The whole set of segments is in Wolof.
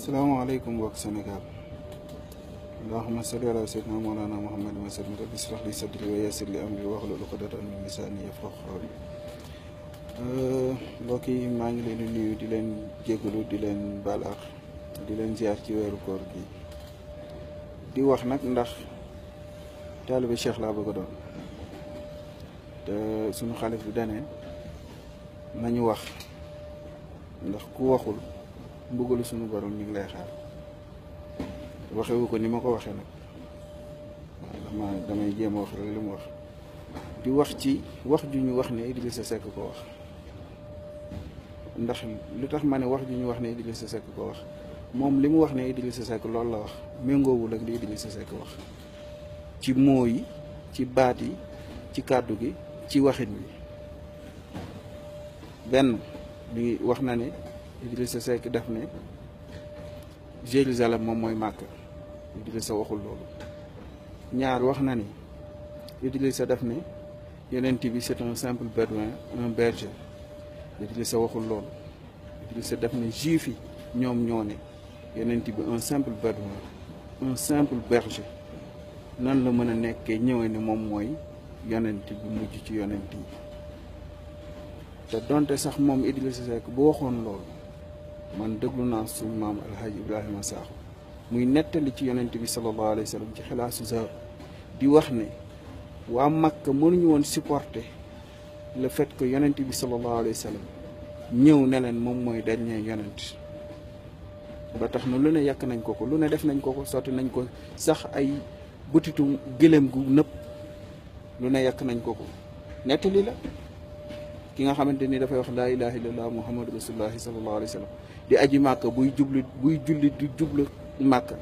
salaamaaleykum mbokk Sénégal allahumma salli ala sayyidina mawlana muhammadin wa sallim rabbi ishrah li sadri wa yassir li amri wahlul uqdatan min lisani yafqahu qawli euh, mbokk yi maa ngi leen di nuyu di leen jégalu di leen balaax di leen ziar ci weeru koor gi di wax nag ndax taalibe cheikh laa bëgg a doon te sunu xalif bi dane nañu wax ndax ku waxul mbugalu suñu borom ñu ngi lay xaar waxewu ko ni ma ko waxee nag waaw dama damay jéem wax rek li mu wax di wax ci wax ju ñu wax ne Idrissa Seck ko wax ndax lu tax ma ne wax ju ñu wax ne Idrissa Seck ko wax moom li mu wax ne Idrissa Seck loolu la wax méngoowul ak li Idrissa Seck wax ci moo yi ci baat yi ci kàddu gi ci waxit wi benn bi wax na ne Idrissa Seck def ne Jérusalem moom mooy màkk Idrissa waxul loolu ñaar wax na ni Idrissa def ne yonent bi c'est un simple bédouin un berger Idrissa waxul loolu Idrissa def ne juif yi ñoom ñoo ne yonent bi un simple bédouin un simple berger nan la mën a nekkee ñëwee ni moom mooy yonent bi mujj ci yonent yi te donte sax moom Idrissa Seck bu waxoon loolu man déglu naa suñu maam alhaji ibrahima saaxu muy nettali ci yonent bi sallallahu alayhi wa sallam ci xilaasu zahab di wax ne waa Makka mënuñu woon supporter le fait que yonent bi sallallahu alayhi wa sallam ñëw ne leen moom mooy dernier yonent ba tax na lu ne yàq nañ ko ko lu ne def nañ ko ko sotti nañ ko sax ay bëtitu gëléem gu nëpp lu ne yàq nañ ko ko nettali la ki nga xamante ni dafay wax laa ilaha illallah muhammadu rasulullahi sallallahu alayhi wa sallam di aji màkk buy jublu buy julli di jublu màkk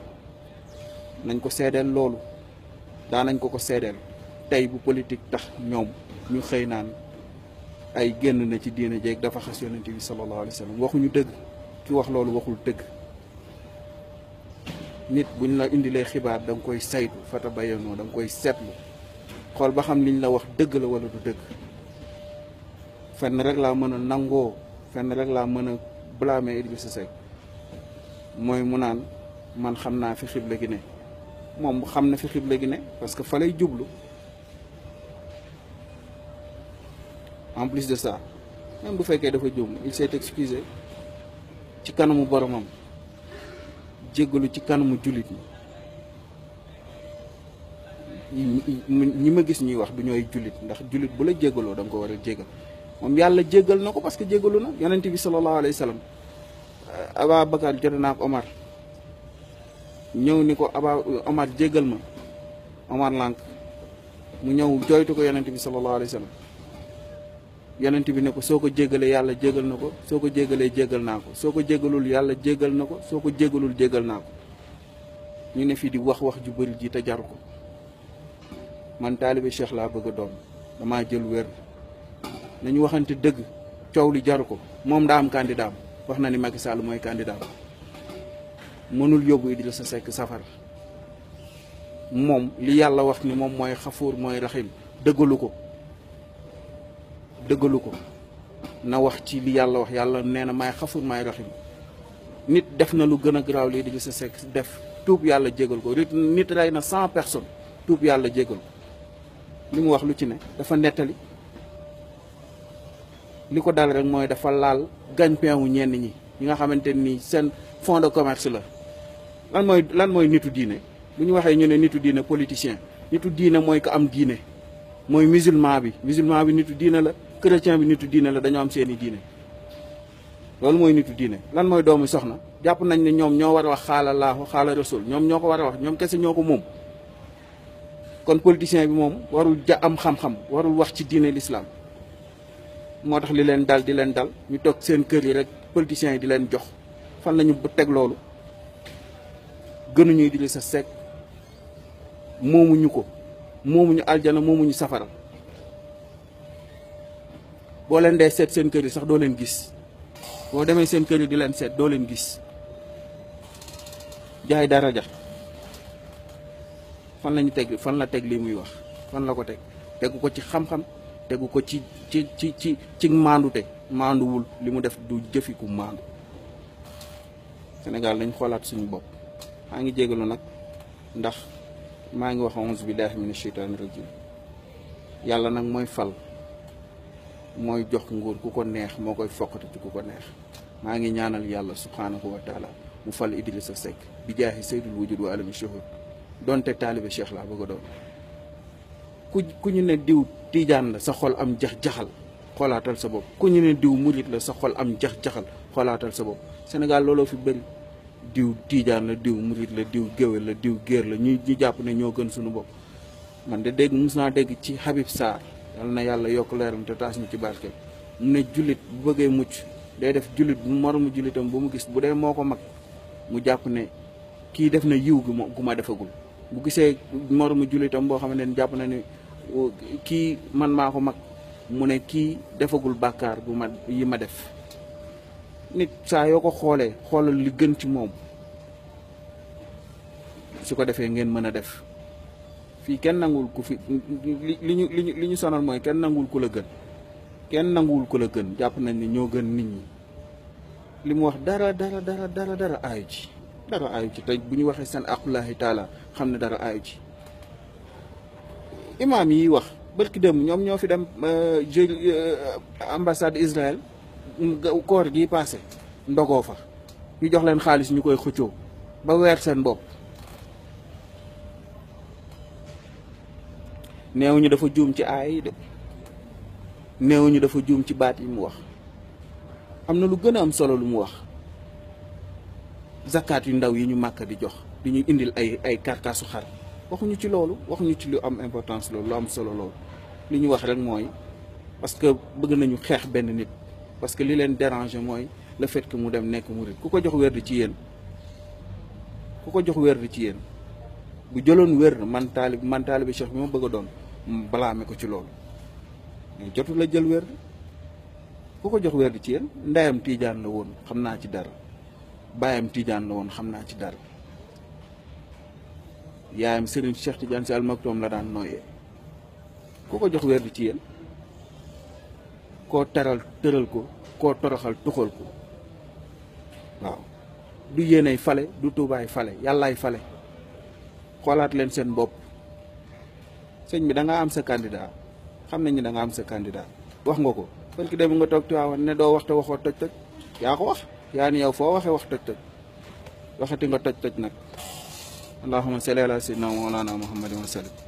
nañ ko seedeel loolu nañ ko ko seedeel tey bu politik tax ñoom ñu xëy naan ay génn na ci diina jeeg dafa xas yonente bi sallallahu alayhi waxuñu dëgg ki wax loolu waxul dëgg nit buñ la indilee xibaar danga koy saytu fata bayanoo da nga koy seetlu xool ba xam liñ la wax dëgg la wala du dëgg fenn rek laa mën a nangoo fenn rek laa mën a blâmer Idrissa Seck mooy mu naan man xam naa fi xibla gi ne moom xam na fi xibla gi ne parce que fa lay jublu en plus de ça même bu fekkee dafa juum il s'est excusé ci kanamu boromam jéggalu ci kanamu jullit ñi ñi ma gis ñuy wax du ñooy jullit ndax jullit bu la jéggaloo da ko war a jéggal moom yàlla jéggal na ko parce que jéggalu na yonent bi sallallahu alayhi wa sallam Aba Bakar jote naa ko Omar ñëw ni ko Aba Omar jéggal ma Omar lànk mu ñëw jooytu ko yonent bi sallallahu alayhi wa sallam bi ne ko soo ko jéggalee yàlla jéggal na ko soo ko jéggalee jéggal naa ko soo ko jéggalul yàlla jéggal na ko soo ko jéggalul jéggal naa ko ñu ne fii di wax wax ju bëri ji jaru ko man taalibe Cheikh laa bëgg a doon damaa jël wér nañu waxante dëgg coow li jaru ko moom daa am candidat wax na ni Macky Sall mooy candidat mënul yóbbu Idrissa Seck safar moom li yàlla wax ni moom mooy xafuur mooy raxim dëggalu ko dëggalu ko na wax ci li yàlla wax yàlla nee na maay xafur maay raxim nit def na lu gën a garaaw di sa Seck def tuub yàlla jégal ko nit rey na cent personnes tuub yàlla jégal ko li mu wax lu ci ne dafa nettali li ko dal rek mooy dafa laal gagne-pain wu ñenn ñi ñi nga xamante ni seen fonds de commerce la lan mooy lan mooy nitu diine bu ñu waxee ñu ne nitu diine politicien nitu diine mooy ko am diine mooy musulman bi musulman bi nitu diine la chrétien bi nitu diine la dañoo am seeni diine loolu mooy nitu diine lan mooy doomu soxna jàpp nañ ne ñoom ñoo war a wax xaala laahu xaala rasul ñoom ñoo ko war a wax ñoom kese ñoo ko moom kon politicien bi moom warul ja am xam warul wax ci diine l'islam moo tax li leen dal di leen dal ñu toog seen kër yi rek politiciens yi di leen jox fan lañu bu teg loolu gënuñu sa Seck moomuñu ko moomuñu aljana moomuñu safara boo leen dee seet seen kër yi sax doo leen gis boo demee seen kër yi di leen seet doo leen gis jaay daraja fan lañu teg fan la teg lii muy wax fan la ko teg tegu ko ci xam-xam tegu ko ci ci ci ci ci maandute maanduwul li mu def du jëfiku maandu senegal dañ xoolaat suñu bopp maa ngi jégalu nag ndax maa ngi wax onze billahi mina sheytaani rajim yàlla nag mooy fal mooy jox nguur ku ko neex moo koy foqati ci ku ko neex maa ngi ñaanal yàlla subhaanahu wa taala mu fal Idrissa Seck bi jaahi saydul wujud wa alami shahud donte taalibe cheikh laa bëgg a doon ku ku ñu ne diw tiijaan la sa xol am jax-jaxal xoolaatal sa bopp ku ñu ne diw murit la sa am jax-jaxal xoolaatal sa bopp Sénégal looloo fi bëri diw tiijaan la diw murit la diw géwél la diw géer la ñu ñu jàpp ne ñoo gën suñu bopp man de dégg mus naa dégg ci Habib Sarr yal na yàlla yokk mu te taas ñu ci barke mu ne julit bu bëggee mucc day def jullit bu moromu jullitam bu mu gis bu dee moo ko mag mu jàpp ne kii def na yiw gu ma gu ma defagul bu gisee moromu jullitam boo xam ne jàpp na ni kii man maa ko mag mu ne kii defagul bàkkaar bu ma yi ma def nit saa yoo ko xoolee xoolal li gën ci moom su ko defee ngeen mën a def fii kenn nanguwul ku fi li ñu li ñu li ñu sonal mooy kenn nanguwul ku la gën kenn nanguwul ku la gën jàpp nañ ni ñoo gën nit ñi li mu wax dara dara dara dara dara aayu ci dara aayu ci te bu ñu waxee seen aqullaahi taala xam ne dara aayu ci imaam yi wax bërki dem ñoom ñoo fi dem euh, jël euh, ambassade Israël koor gi passé ndogoo fa ñu jox leen xaalis ñu koy xëccoo ba weer seen bopp néew ñu dafa juum ci aay yi de néew dafa juum ci baat yi mu wax am na lu gën a am solo lu mu wax zakaat yu ndaw yi ñu màkk di jox di ñu indil ay ay karkaasu xar waxuñu ci loolu waxuñu ci lu am importance loolu lu am solo loolu li ñu wax rek mooy parce que bëgg nañu xeex benn nit parce que li leen déranger mooy le fait que mu dem nekk murid ku ko jox werd ci yéen ku ko jox werd ci yéen bu jëloon wër man taalib man taalibi cheikh bi ma bëgg a doon balaame ko ci loolu jotu la jël werd ku ko jox werd ci yéen ndeyam tiijaan la woon xam naa ci dara baayam tiijaan la woon xam naa ci dara yaayam Serigne Cheikh Tidiane Sy Al Maktoum la daan nooyee ku ko jox weer di ci yéen koo teral tëral ko koo toroxal tuxal ko waaw du yéenay fale du tuubaay fale yàllaay fale xoolaat leen seen bopp sëñ bi da nga am sa candidat xam nañ danga am sa candidat wax nga ko parce que dem nga toog Tiwaawan ne doo wax te waxoo toj toj yaa ko wax yaa ni yow foo waxee wax toj toj waxati nga toj toj nag allahuma salli ala sayyidina wa mawlana muhammadin wa sallim